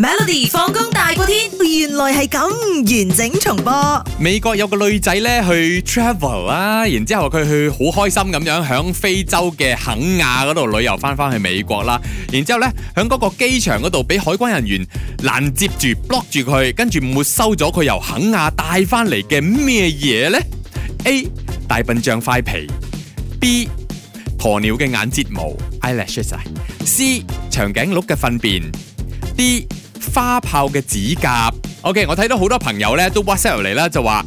Melody 放工大過天，原來係咁完整重播。美國有個女仔咧去 travel 啊，然之後佢去好開心咁樣喺非洲嘅肯亞嗰度旅遊，翻翻去美國啦。然之後咧喺嗰個機場嗰度俾海關人員攔截住，block 住佢，跟住沒收咗佢由肯亞帶翻嚟嘅咩嘢咧？A 大笨象塊皮，B 鴕鳥嘅眼睫毛 e l a s h e c 長頸鹿嘅糞便，D。花炮嘅指甲，OK，我睇到好多朋友呢都 WhatsApp 嚟啦，就話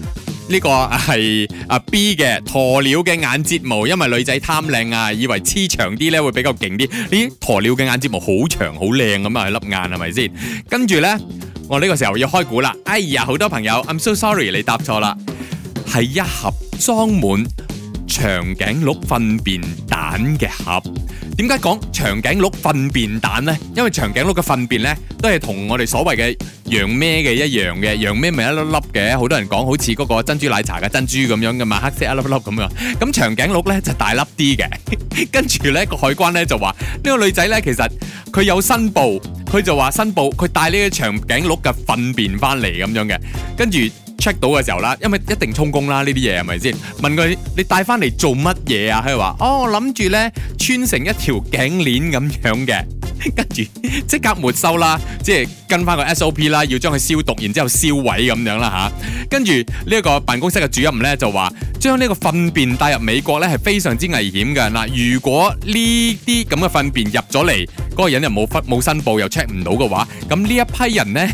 呢個係阿 B 嘅鴕鳥嘅眼睫毛，因為女仔貪靚啊，以為黐長啲呢會比較勁啲，呢鴕鳥嘅眼睫毛好長好靚咁啊，粒眼係咪先？跟住呢，我呢個時候要開估啦，哎呀，好多朋友，I'm so sorry，你答錯啦，係一盒裝滿長頸鹿糞便蛋嘅盒。點解講長頸鹿糞便蛋呢？因為長頸鹿嘅糞便呢，都係同我哋所謂嘅羊咩嘅一樣嘅，羊咩咪一粒粒嘅，好多人講好似嗰個珍珠奶茶嘅珍珠咁樣噶嘛，黑色一粒粒咁樣。咁長頸鹿呢，就大粒啲嘅，跟 住呢個海關呢，就話呢個女仔呢，其實佢有申報，佢就話申報佢帶呢個長頸鹿嘅糞便翻嚟咁樣嘅，跟住。check 到嘅時候啦，因為這些東西一定充公啦，呢啲嘢係咪先？問佢你帶翻嚟做乜嘢啊？佢又話哦，我諗住呢，穿成一條頸鏈咁樣嘅，跟住即刻沒收啦，即係跟翻個 SOP 啦，要將佢消毒，然之後燒毀咁樣啦吓。跟住呢一個辦公室嘅主任呢，就話，將呢個糞便帶入美國呢係非常之危險嘅嗱。如果呢啲咁嘅糞便入咗嚟，嗰個人又冇忽冇申報又 check 唔到嘅話，咁呢一批人呢。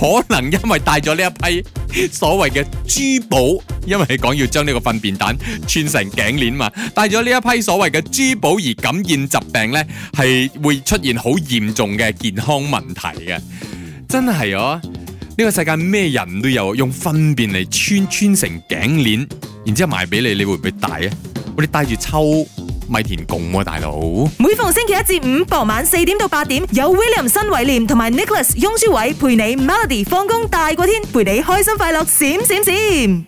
可能因為帶咗呢一批所謂嘅珠寶，因為講要將呢個糞便蛋穿成頸鏈嘛，帶咗呢一批所謂嘅珠寶而感染疾病呢，係會出現好嚴重嘅健康問題嘅，真係啊、哦、呢、這個世界咩人都有，用糞便嚟，穿穿成頸鏈，然之後賣俾你，你會唔會戴啊？我哋戴住抽。米田共喎，啊，大佬！每逢星期一至五傍晚四點到八點，有 William 新偉廉同埋 Nicholas 翁舒偉陪你 Melody 放工大過天，陪你開心快樂閃閃閃。